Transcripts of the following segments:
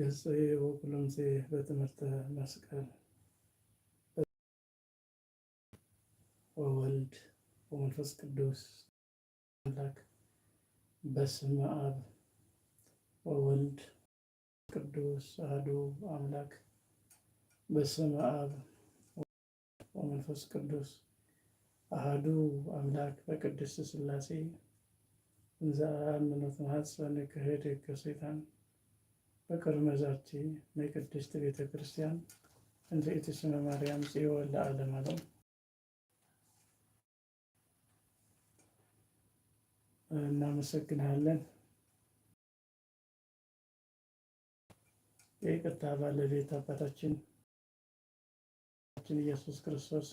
ገጽ ወቁልምሴ በትምህርተ መስቀል ወወልድ ወመንፈስ ቅዱስ አምላክ በስመ አብ ወወልድ ቅዱስ አሐዱ አምላክ በስመ አብ ወመንፈስ ቅዱስ አሐዱ አምላክ በቅድስት ሥላሴ እንዘ አምኖት መሐፀን ክህድ ከሰይጣን በቅድመ ናይ ቅድስት ቤተ ክርስቲያን እንደ ኢትስመ ማርያም ጽዮን ለዓለም አለው። እናመሰግናለን። የይቅርታ ባለቤት አባታችን ኢየሱስ ክርስቶስ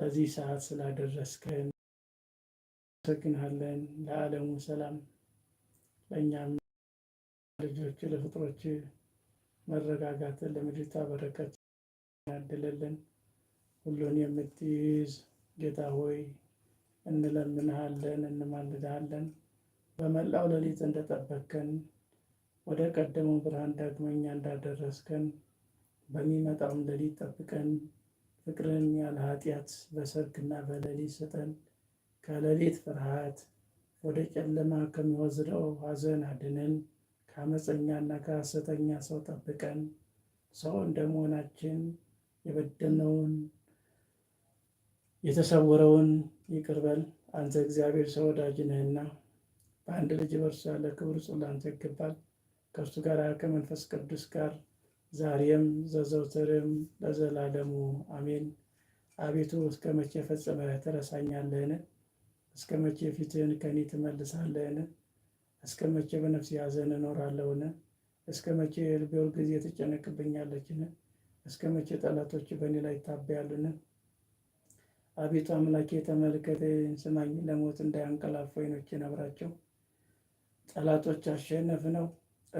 ለዚህ ሰዓት ስላደረስከን እናመሰግናለን። ለዓለሙ ሰላም ለእኛም ልጆች ለፍጥሮች መረጋጋትን ለምድሪቷ በረከት ያድልልን። ሁሉን የምትይዝ ጌታ ሆይ እንለምንሃለን፣ እንማልድሃለን። በመላው ሌሊት እንደጠበቅከን ወደ ቀደመው ብርሃን ዳግመኛ እንዳደረስከን በሚመጣውም ሌሊት ጠብቀን። ፍቅርን ያለ ኃጢአት በሰርክና በሌሊት ስጠን። ከሌሊት ፍርሃት ወደ ጨለማ ከሚወዝደው ሐዘን አድነን። ከአመፀኛና ከሐሰተኛ ሰው ጠብቀን ሰው እንደመሆናችን የበደነውን የተሰወረውን ይቅር አንተ እግዚአብሔር ሰው ወዳጅ ነህና በአንድ ልጅ በእርሱ ያለ ክብር ጽላ አንተ ይገባል ከእርሱ ጋር ከመንፈስ ቅዱስ ጋር ዛሬም ዘዘውትርም ለዘላለሙ አሜን። አቤቱ እስከ መቼ ፈጽመህ ትረሳኛለህን? እስከ መቼ ፊትህን ከኔ ትመልሳለህን? እስከ መቼ በነፍስ ያዘን እኖራለሁን? እስከ መቼ የልቤውር ጊዜ ትጨነቅብኛለችን? እስከ መቼ ጠላቶች በእኔ ላይ ይታበያሉን? አቤቱ አምላኬ ተመልከተኝ፣ ስማኝ፣ ለሞት እንዳያንቀላፉ ዓይኖቼን ነብራቸው። ጠላቶች ነው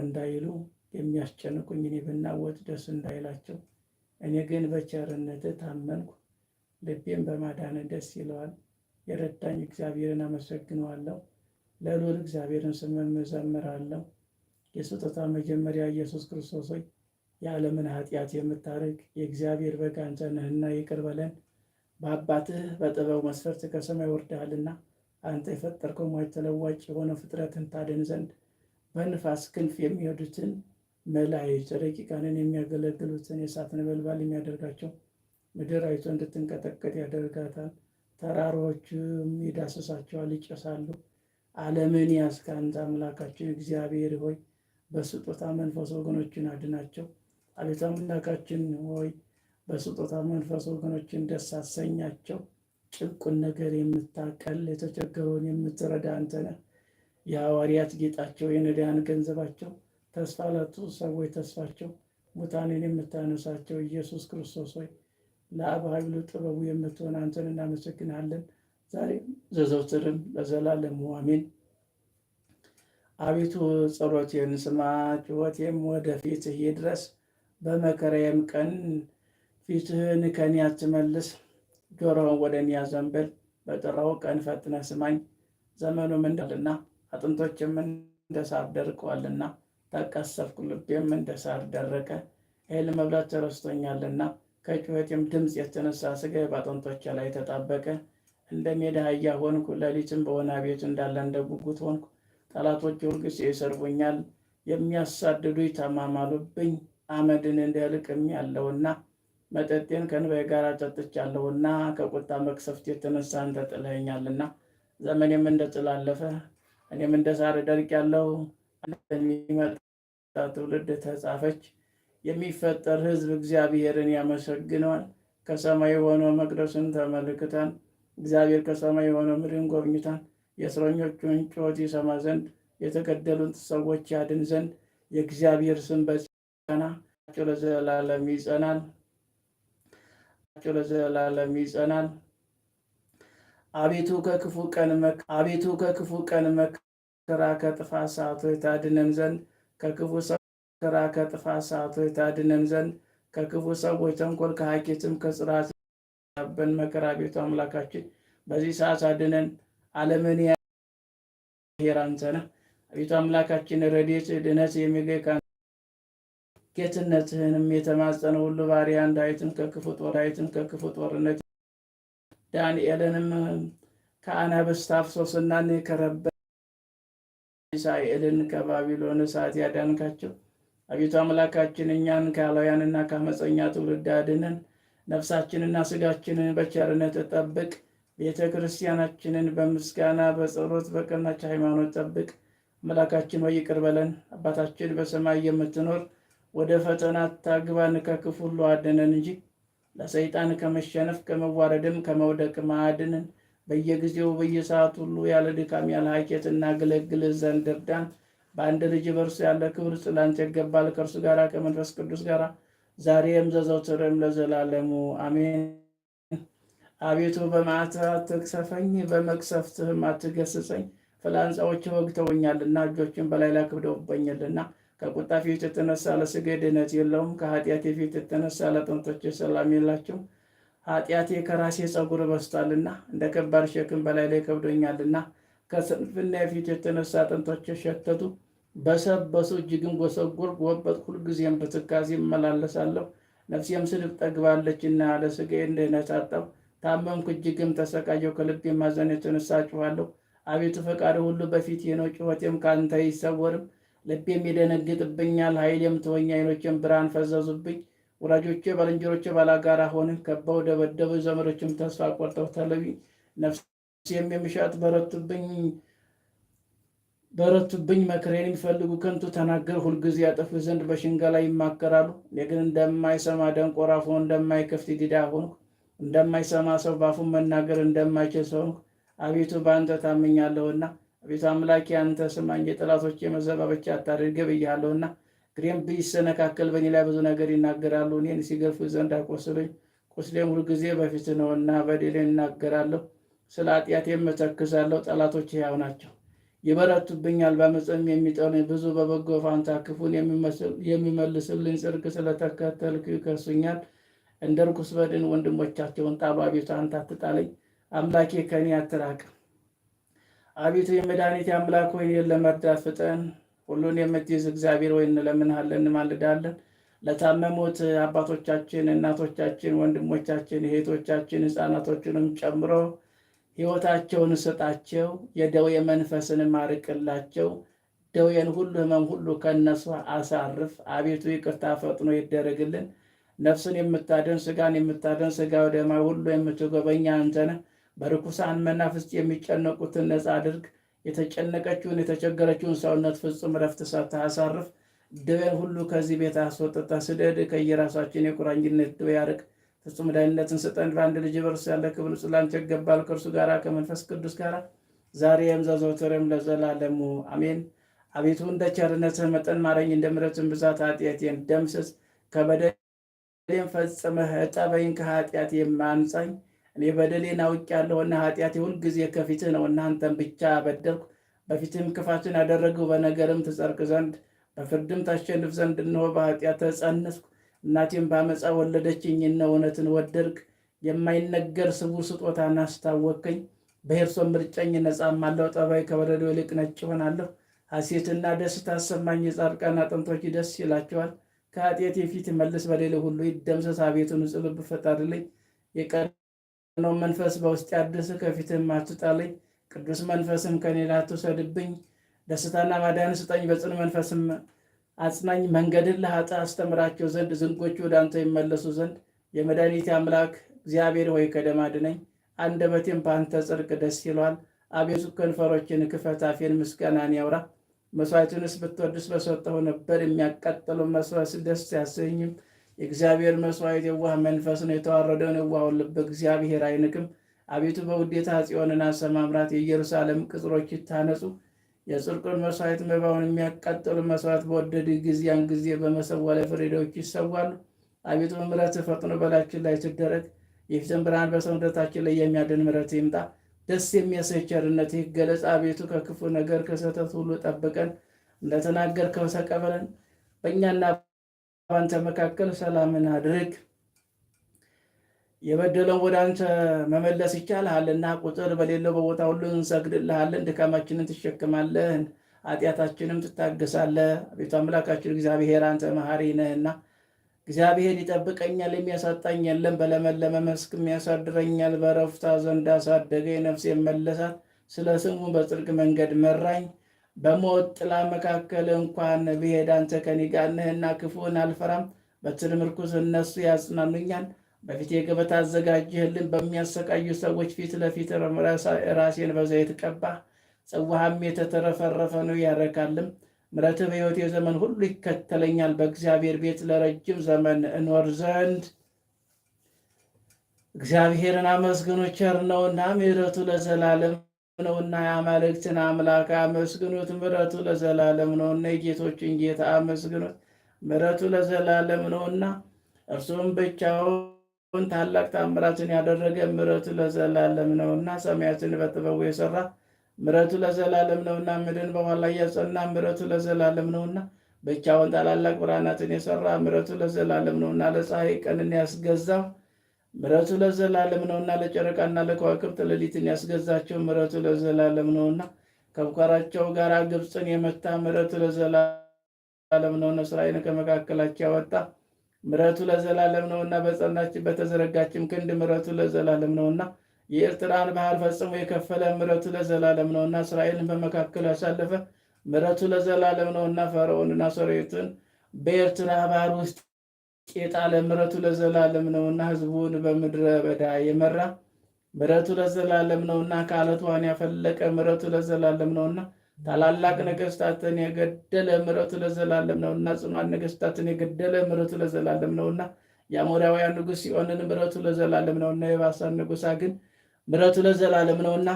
እንዳይሉ የሚያስጨንቁኝ እኔ ብናወጥ ደስ እንዳይላቸው። እኔ ግን በቸርነት ታመንኩ፣ ልቤም በማዳነ ደስ ይለዋል። የረዳኝ እግዚአብሔርን አመሰግነዋለሁ። ለልዑል እግዚአብሔርን ስምን መዘምራለሁ። የስጦታ መጀመሪያ ኢየሱስ ክርስቶስ ሆይ የዓለምን ኃጢአት የምታርቅ የእግዚአብሔር በግ አንተ ነህና ይቅር በለን። በአባትህ በጥበቡ መስፈርት ከሰማይ ወርደሃልና አንተ የፈጠርከው ሟች ተለዋጭ የሆነ ፍጥረትን ታድን ዘንድ በንፋስ ክንፍ የሚሄዱትን መላእክት ረቂቃንን የሚያገለግሉትን የእሳት ነበልባል የሚያደርጋቸው አይቶ እንድትንቀጠቀጥ ያደርጋታል። ተራሮችም ይዳስሳቸዋል፣ ይጨሳሉ። ዓለምን ያዝክ አንተ አምላካችን እግዚአብሔር ሆይ በስጦታ መንፈስ ወገኖችን አድናቸው። አቤት አምላካችን ሆይ በስጦታ መንፈስ ወገኖችን ደስ አሰኛቸው። ጭንቁን ነገር የምታቀል የተቸገረውን የምትረዳ አንተ ነህ። የሐዋርያት ጌጣቸው የነዳያን ገንዘባቸው ተስፋ ላጡ ሰዎች ተስፋቸው ሙታንን የምታነሳቸው ኢየሱስ ክርስቶስ ሆይ ለአብ ኃይሉ ጥበቡ የምትሆን አንተን እናመሰግናለን ዛሬም ዘዘውትርን ለዘላለሙ አሜን። አቤቱ ጸሎቴን ስማ፣ ጩኸቴም ወደ ፊትህ ይድረስ። በመከራዬም ቀን ፊትህን ከኔ አትመልስ፣ ጆሮውን ወደ እኔ አዘንብል። በጠራው ቀን ፈጥነ ስማኝ። ዘመኑም እንዳልና አጥንቶችም እንደ ሳር ደርቀዋልና ተቀሰፍኩ፣ ልቤም እንደ ሳር ደረቀ። እህል መብላት ተረስቶኛልና ከጩኸቴም ድምፅ የተነሳ ስጋ በአጥንቶች ላይ ተጣበቀ። እንደ ሜዳ አህያ ሆንኩ። ሌሊትም በወህኒ ቤት እንዳለ እንደ ጉጉት ሆንኩ። ጠላቶች ሁልጊዜ ይሰርቡኛል፣ የሚያሳድዱ ይተማማሉብኝ። አመድን እንደ ልቅም ያለውና መጠጤን ከእንባዬ ጋር ጠጥቻለሁና ከቁጣ መቅሰፍት የተነሳ አንተ ጥለኸኛልና ዘመኔም እንደ ጥላ አለፈ፣ እኔም እንደ ሳር ደርቅ ያለው የሚመጣ ትውልድ ተጻፈች። የሚፈጠር ሕዝብ እግዚአብሔርን ያመሰግነዋል። ከሰማይ ሆኖ መቅደሱን ተመልክተን እግዚአብሔር ከሰማይ የሆነ ምድርን ጎብኝታል። የእስረኞቹን ጩኸት ይሰማ ዘንድ የተገደሉት ሰዎች ያድን ዘንድ የእግዚአብሔር ስም በና ለዘላለም ይጸናል ለዘላለም ይጸናል። አቤቱ ከክፉ ቀን አቤቱ ከክፉ ቀን መከራ ከጥፋት ሰዓቶች ታድነን ዘንድ ከክፉ መከራ ከጥፋት ሰዓቶች ታድነን ዘንድ ከክፉ ሰዎች ተንኮል ከሀኬትም ከጽራት ከገባህብን መከራ ቤቱ አምላካችን በዚህ ሰዓት አድነን። ዓለምን ያሄር አንተ አቤቱ አምላካችን፣ ረድኤት ድነት የሚገካ ጌትነትህንም የተማጸነ ሁሉ ባሪያ ዳዊትን ከክፉ ጦር ከክፉ ጦርነት ዳንኤልንም ከአናብስት አፍ ሶስናን ከረበ ሚሳኤልን ከባቢሎን እሳት ያዳንካቸው አቤቱ አምላካችን እኛን ከአላውያንና ከአመፀኛ ትውልድ አድነን። ነፍሳችንና ስጋችንን በቸርነት ጠብቅ። ቤተ ክርስቲያናችንን በምስጋና በጸሎት በቀናች ሃይማኖት ጠብቅ። አምላካችን ሆይ ይቅር በለን። አባታችን በሰማይ የምትኖር ወደ ፈተና አታግባን፣ ከክፉ ሁሉ አድነን እንጂ ለሰይጣን ከመሸነፍ ከመዋረድም ከመውደቅ ማድንን በየጊዜው በየሰዓት ሁሉ ያለ ድካም ያለ ሀኬት እናገለግል ዘንድ እርዳን። በአንድ ልጅ በእርሱ ያለ ክብር ጽላንት ይገባል። ከእርሱ ጋር ከመንፈስ ቅዱስ ጋራ ዛሬም ዘዘውትርም ለዘላለሙ አሜን። አቤቱ በመዓትህ አትቅሰፈኝ፣ በመቅሰፍትህም አትገስጸኝ። ፍላጻዎች ወግተውኛልና እጆችን በላይ ላይ ከብደውብኛልና ከቁጣ ፊት የተነሳ ለስጋ ድነት የለውም። ከኃጢአቴ ፊት የተነሳ ለጥንቶች ሰላም የላቸውም። ኃጢአቴ ከራሴ ፀጉር በስቷልና እንደ ከባድ ሸክም በላይ ላይ ከብዶኛልና ከስንፍና ፊት የተነሳ ጥንቶች ሸተቱ። በሰበሰው እጅግን ጎሰጎር ጎበጥ ሁልጊዜም በትካዜ እመላለሳለሁ። ነፍሴም ስድብ ጠግባለች እና ያለ ስጋዬ እንደነታጠብ ታመምኩ፣ እጅግም ተሰቃየው። ከልቤ ማዘን የተነሳ ጩኋለሁ። አቤቱ ፈቃድ ሁሉ በፊት ነው፣ ጩኸቴም ከአንተ አይሰወርም። ልቤም ይደነግጥብኛል፣ ኃይሌም ተወኝ። ዓይኖቼም ብርሃን ፈዘዙብኝ። ወዳጆቼ ባልንጀሮቼ ባላጋራ ሆን ከበው ደበደቡ። ዘመዶችም ተስፋ ቆርጠው ተለዩኝ። ነፍሴም የሚሻት በረቱብኝ በረቱብኝ መክሬን የሚፈልጉ ከንቱ ተናገር ሁልጊዜ ያጠፉ ዘንድ በሽንጋ ላይ ይማከራሉ። እኔ ግን እንደማይሰማ ደንቆራ አፉን እንደማይከፍት ዲዳ ሆንኩ። እንደማይሰማ ሰው ባፉ መናገር እንደማይችል ሰው ሆንኩ። አቤቱ በአንተ ታምኛለሁና፣ አቤቱ አምላኪ አንተ ስማኝ። የጠላቶቼ መዘባበቻ አታድርግ ብያለሁና፣ እግሬም ቢሰነካከል በእኔ ላይ ብዙ ነገር ይናገራሉ። እኔን ሲገርፉ ዘንድ አቆስሉኝ። ቁስሌም ሁልጊዜ በፊት ነውና በደሌን እናገራለሁ። ስለ ኃጢአቴም እተክዛለሁ። ጠላቶች ያው ናቸው። ይበረቱብኛል። በአመፅም የሚጠሉኝ ብዙ፣ በበጎ ፋንታ ክፉን የሚመልስልኝ ጽድቅ ስለተከተልክ ይከሱኛል። እንደ ርኩስ በድን ወንድሞቻቸውን ጣሉ። አቤቱ አንተ አትጣለኝ፣ አምላኬ ከኔ አትራቅ። አቤቱ የመድኃኒቴ አምላክ ሆይ እኔን ለመርዳት ፍጠን። ሁሉን የምትይዝ እግዚአብሔር ሆይ እንለምንሃለን፣ እንማልዳለን። ለታመሙት አባቶቻችን፣ እናቶቻችን፣ ወንድሞቻችን፣ እህቶቻችን ህፃናቶችንም ጨምሮ ሕይወታቸውን እሰጣቸው፣ የደዌ መንፈስንም ማርቅላቸው፣ ደዌን ሁሉ ሕመም ሁሉ ከነሱ አሳርፍ። አቤቱ ይቅርታ ፈጥኖ ይደረግልን። ነፍስን የምታደን ስጋን የምታደን ስጋ ወደማ ሁሉ የምትጎበኛ አንተነ በርኩሳን መናፍስት የሚጨነቁትን ነፃ አድርግ። የተጨነቀችውን የተቸገረችውን ሰውነት ፍጹም ረፍት ሰጥተህ አሳርፍ። ደዌን ሁሉ ከዚህ ቤት አስወጥተህ ስደድ። ከየራሳችን የቁራኝነት ደዌ ያርቅ። ፍጹም መድኃኒነትን ስጠን። በአንድ ልጅ በእርሱ ያለ ክብር ሁሉ ላንተ ይገባል፣ ከእርሱ ጋር ከመንፈስ ቅዱስ ጋር ዛሬም ዘወትርም ለዘላለሙ አሜን። አቤቱ እንደ ቸርነትህ መጠን ማረኝ፣ እንደ ምሕረትህም ብዛት ኃጢአቴን ደምስስ። ከበደሌን ፈጽመህ እጠበኝ፣ ከኃጢአት የማንጻኝ እኔ በደሌን አውቄአለሁና ኃጢአቴ ሁልጊዜ ከፊትህ ነው። እናንተን ብቻ አበደልኩ፣ በፊትህም ክፋትን አደረግሁ። በነገርም ትጸድቅ ዘንድ በፍርድም ታሸንፍ ዘንድ እንሆ በኃጢአት ተጸነስኩ። እናቴም በአመፃ ወለደችኝ፣ እነ እውነትን ወደድክ፣ የማይነገር ስቡ ስጦታ አስታወቅኝ። በሄርሶን ምርጨኝ ነፃም አለው፣ ጠባይ ከበረዶ ይልቅ ነጭ ይሆናለሁ። ሐሴትና ደስታ አሰማኝ፣ የጻድቃን አጥንቶች ደስ ይላቸዋል። ከአጤት የፊት መልስ፣ በሌለ ሁሉ ይደምሰስ። ቤቱን ንጹሕ ልብ የቀነው መንፈስ በውስጤ አድስ፣ ከፊትም አትጣለኝ፣ ቅዱስ መንፈስም ከኔ ላይ ደስታና ማዳን ስጠኝ፣ በጽኑ መንፈስም አጽናኝ መንገድን ለኃጥ አስተምራቸው ዘንድ ዝንጎች ወደ አንተ ይመለሱ ዘንድ የመድኃኒቴ አምላክ እግዚአብሔር ሆይ ከደም አድነኝ። አንደበቴም በአንተ ጽድቅ ደስ ይለዋል። አቤቱ ከንፈሮችን ክፈት፣ አፌን ምስጋናን ያውራ። መስዋዕትንስ ብትወድስ በሰጠሁ ነበር። የሚያቃጥለው መስዋዕት ደስ ያሰኝም። የእግዚአብሔር መስዋዕት የዋህ መንፈስ ነው። የተዋረደውን የዋሁን ልብ እግዚአብሔር አይንቅም። አቤቱ በውዴታ ጽዮንን አሰማምራት፣ የኢየሩሳሌም ቅጥሮች ይታነጹ። የጽድቁን መስዋዕት መባውን የሚያቃጥል መስዋዕት በወደድ ጊዜ ያን ጊዜ በመሰዋ ላይ ይሰዋሉ። አቤቱ ምረት ፈጥኖ በላችን ላይ ትደረግ። የፊትን ብርሃን በሰውነታችን ላይ የሚያድን ምረት ይምጣ። ደስ የሚያሰኝ ቸርነት ይገለጽ። አቤቱ ከክፉ ነገር ከስህተት ሁሉ ጠብቀን፣ እንደተናገርከው ተቀበለን። በእኛና ባንተ መካከል ሰላምን አድርግ። የበደለውን ወደ አንተ መመለስ ይቻልሃልና ቁጥር በሌለው በቦታ ሁሉ እንሰግድልሃለን፣ ድካማችንን ትሸክማለህ፣ ኃጢአታችንም ትታገሳለህ። አቤቱ አምላካችን እግዚአብሔር አንተ መሐሪ ነህና እግዚአብሔር ይጠብቀኛል፣ የሚያሳጣኝ የለም። በለመለመ መስክም ያሳድረኛል። በረፍታ ዘንድ አሳደገ፣ ነፍሴ መለሳት። ስለ ስሙ በጽድቅ መንገድ መራኝ። በሞት ጥላ መካከል እንኳን ብሄድ አንተ ከእኔ ጋር ነህና ክፉን አልፈራም። በትር ምርኩስ እነሱ ያጽናኑኛል። በፊቴ ገበታ አዘጋጅህልን በሚያሰቃዩ ሰዎች ፊት ለፊት ራሴን በዘይት ቀባ። ጽዋሃም የተተረፈረፈ ነው ያረካልም። ምረትህ በሕይወቴ ዘመን ሁሉ ይከተለኛል። በእግዚአብሔር ቤት ለረጅም ዘመን እኖር ዘንድ እግዚአብሔርን አመስግኑ፣ ቸር ነውና ምሕረቱ ለዘላለም ነውና። የአማልክትን አምላክ አመስግኑት፣ ምሕረቱ ለዘላለም ነውና። የጌቶችን ጌታ አመስግኑት፣ ምሕረቱ ለዘላለም ነውና። እርሱም ብቻውን ሁን ታላቅ ታምራትን ያደረገ ምረቱ ለዘላለም ነውና፣ ሰማያትን በጥበቡ የሰራ ምረቱ ለዘላለም ነውና፣ ምድን በኋላ እያጸና ምረቱ ለዘላለም ነውና፣ ብቻውን ታላላቅ ብርሃናትን የሰራ ምረቱ ለዘላለም ነውና፣ ለፀሐይ ቀንን ያስገዛ ምረቱ ለዘላለም ነውና፣ ለጨረቃና ለከዋክብት ሌሊትን ያስገዛቸው ምረቱ ለዘላለም ነውና፣ ከብኳራቸው ጋር ግብፅን የመታ ምረቱ ለዘላለም ነውና፣ እስራኤልን ከመካከላቸው ያወጣ ምረቱ ለዘላለም ነውና በጸናች በተዘረጋችም ክንድ ምረቱ ለዘላለም ነውና የኤርትራን ባህር ፈጽሞ የከፈለ ምረቱ ለዘላለም ነውና እስራኤልን በመካከል ያሳለፈ ምረቱ ለዘላለም ነውና ፈርዖንና ሰራዊቱን በኤርትራ ባህር ውስጥ የጣለ ምረቱ ለዘላለም ነውና ህዝቡን በምድረ በዳ የመራ ምረቱ ለዘላለም ነውና ከአለት ያፈለቀ ምረቱ ለዘላለም ነውና ታላላቅ ነገስታትን የገደለ ምረቱ ለዘላለም ነውና፣ ጽኗን ነገስታትን የገደለ ምረቱ ለዘላለም ነውና፣ የአሞራውያን ንጉስ ሲሆንን ምረቱ ለዘላለም ነውና፣ የባሳን ንጉሳ ግን ምረቱ ለዘላለም ነውና፣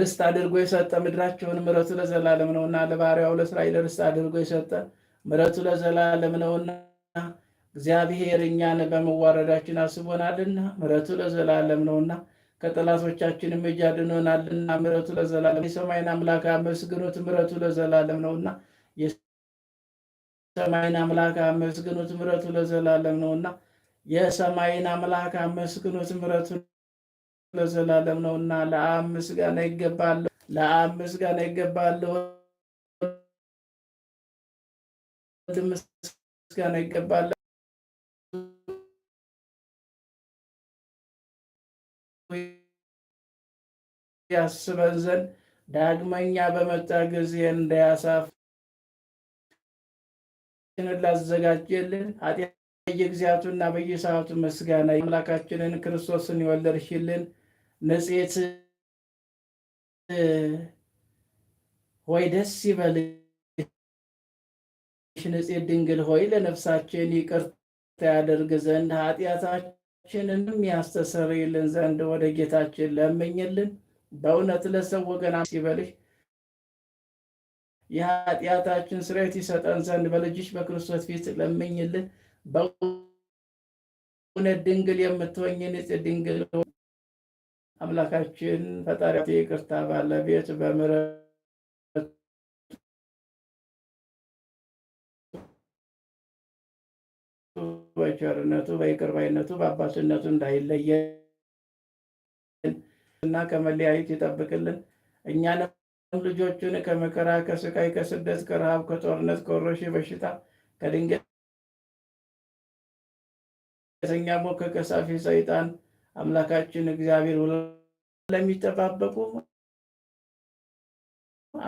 ርስት አድርጎ የሰጠ ምድራቸውን ምረቱ ለዘላለም ነውና፣ ለባሪያው ለእስራኤል ርስት አድርጎ የሰጠ ምረቱ ለዘላለም ነውና፣ እግዚአብሔር እኛን በመዋረዳችን አስቦናልና፣ ምረቱ ለዘላለም ነውና ከጠላቶቻችንም እጅ አድኖናልና ምሕረቱ ለዘላለም። የሰማይን አምላክ አመስግኖት ምረቱ ለዘላለም ነውና። የሰማይን አምላክ አመስግኖት ምረቱ ለዘላለም ነውና። የሰማይን አምላክ አመስግኖት ምረቱ ለዘላለም ነውና። ለአብ ምስጋና ይገባል፣ ለአብ ምስጋና ይገባል፣ ምስጋና ይገባል ያስበን ዘንድ ዳግመኛ በመጣ ጊዜ እንዳያሳፍ ላዘጋጀልን ኃጢአት በየጊዜያቱና በየሰዓቱ ምስጋና አምላካችንን ክርስቶስን የወለድሽልን ንጽሕት ሆይ ደስ ይበልሽ። ንጽሕት ድንግል ሆይ ለነፍሳችን ይቅርታ ያደርግ ዘንድ ኃጢአታችንንም ያስተሰርይልን ዘንድ ወደ ጌታችን ለምኝልን። በእውነት ለሰው ወገና ሲበልህ የኃጢአታችን ስርየት ይሰጠን ዘንድ በልጅሽ በክርስቶስ ፊት ለምኝልን። በእውነት ድንግል የምትሆኝን ድንግል አምላካችን ፈጣሪ ይቅርታ ባለቤት በምሕረቱ በቸርነቱ በይቅርባይነቱ በአባትነቱ እንዳይለየ እና ከመለያየት ይጠብቅልን። እኛንም ልጆቹን ከመከራ፣ ከስቃይ፣ ከስደት፣ ከረሃብ፣ ከጦርነት፣ ከወረሽ በሽታ፣ ከድንገተኛ ሞት፣ ከከሳፊ ሰይጣን አምላካችን እግዚአብሔር ለሚጠባበቁ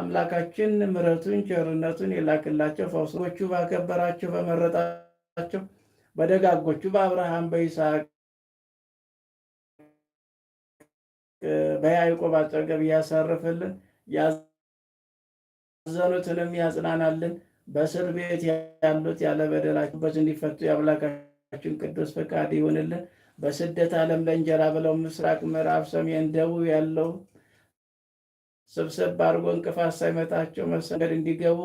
አምላካችን ምሕረቱን ቸርነቱን የላክላቸው ፈውሶቹ ባከበራቸው በመረጣቸው በደጋጎቹ በአብርሃም በይስሐቅ በያዕቆብ አጠገብ እያሳረፈልን ያዘኑትንም ያጽናናልን፣ በእስር ቤት ያሉት ያለ በደላቸውበት እንዲፈቱ የአምላካችን ቅዱስ ፈቃድ ይሁንልን። በስደት ዓለም ለእንጀራ ብለው ምስራቅ፣ ምዕራብ፣ ሰሜን፣ ደቡብ ያለው ስብሰብ አድርጎ እንቅፋት ሳይመታቸው መሰገድ እንዲገቡ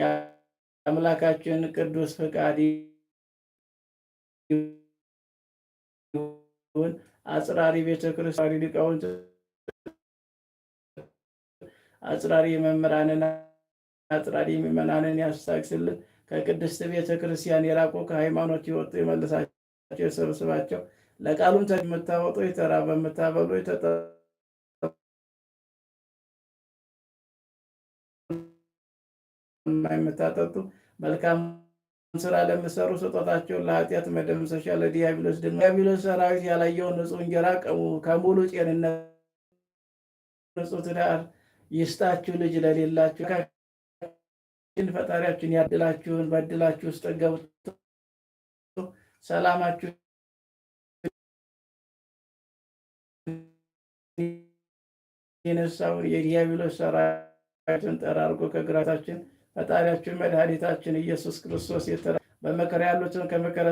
የአምላካችን ቅዱስ ፈቃድ ሲሆን አጽራሪ ቤተ ክርስቲያን ሊቃውንት አጽራሪ መምህራንን አጽራሪ ምዕመናንን ያስታግስልን። ከቅድስት ቤተ ክርስቲያን የራቁ ከሃይማኖት የወጡ የመልሳቸው የሰብስባቸው። ለቃሉም የምታወጡ የተራ በምታበሉ የተጠ የምታጠጡ መልካም ስራ ለምሰሩ ስጦታቸውን ለኃጢአት መደምሰሻ ለዲያብሎስ ድ ዲያብሎስ ሰራዊት ያላየውን ንጹህ እንጀራ ቀሙ ከሙሉ ጤንነት ንጹሕ ትዳር ይስጣችሁ ልጅ ለሌላችሁ ፈጣሪያችን ያድላችሁን በድላችሁ ውስጥ ገብቶ ሰላማችሁ የነሳውን የዲያብሎስ ሰራዊትን ጠራርጎ ከግራታችን ፈጣሪያችን መድኃኒታችን ኢየሱስ ክርስቶስ የተራ በመከራ ያሉትን ከመከራ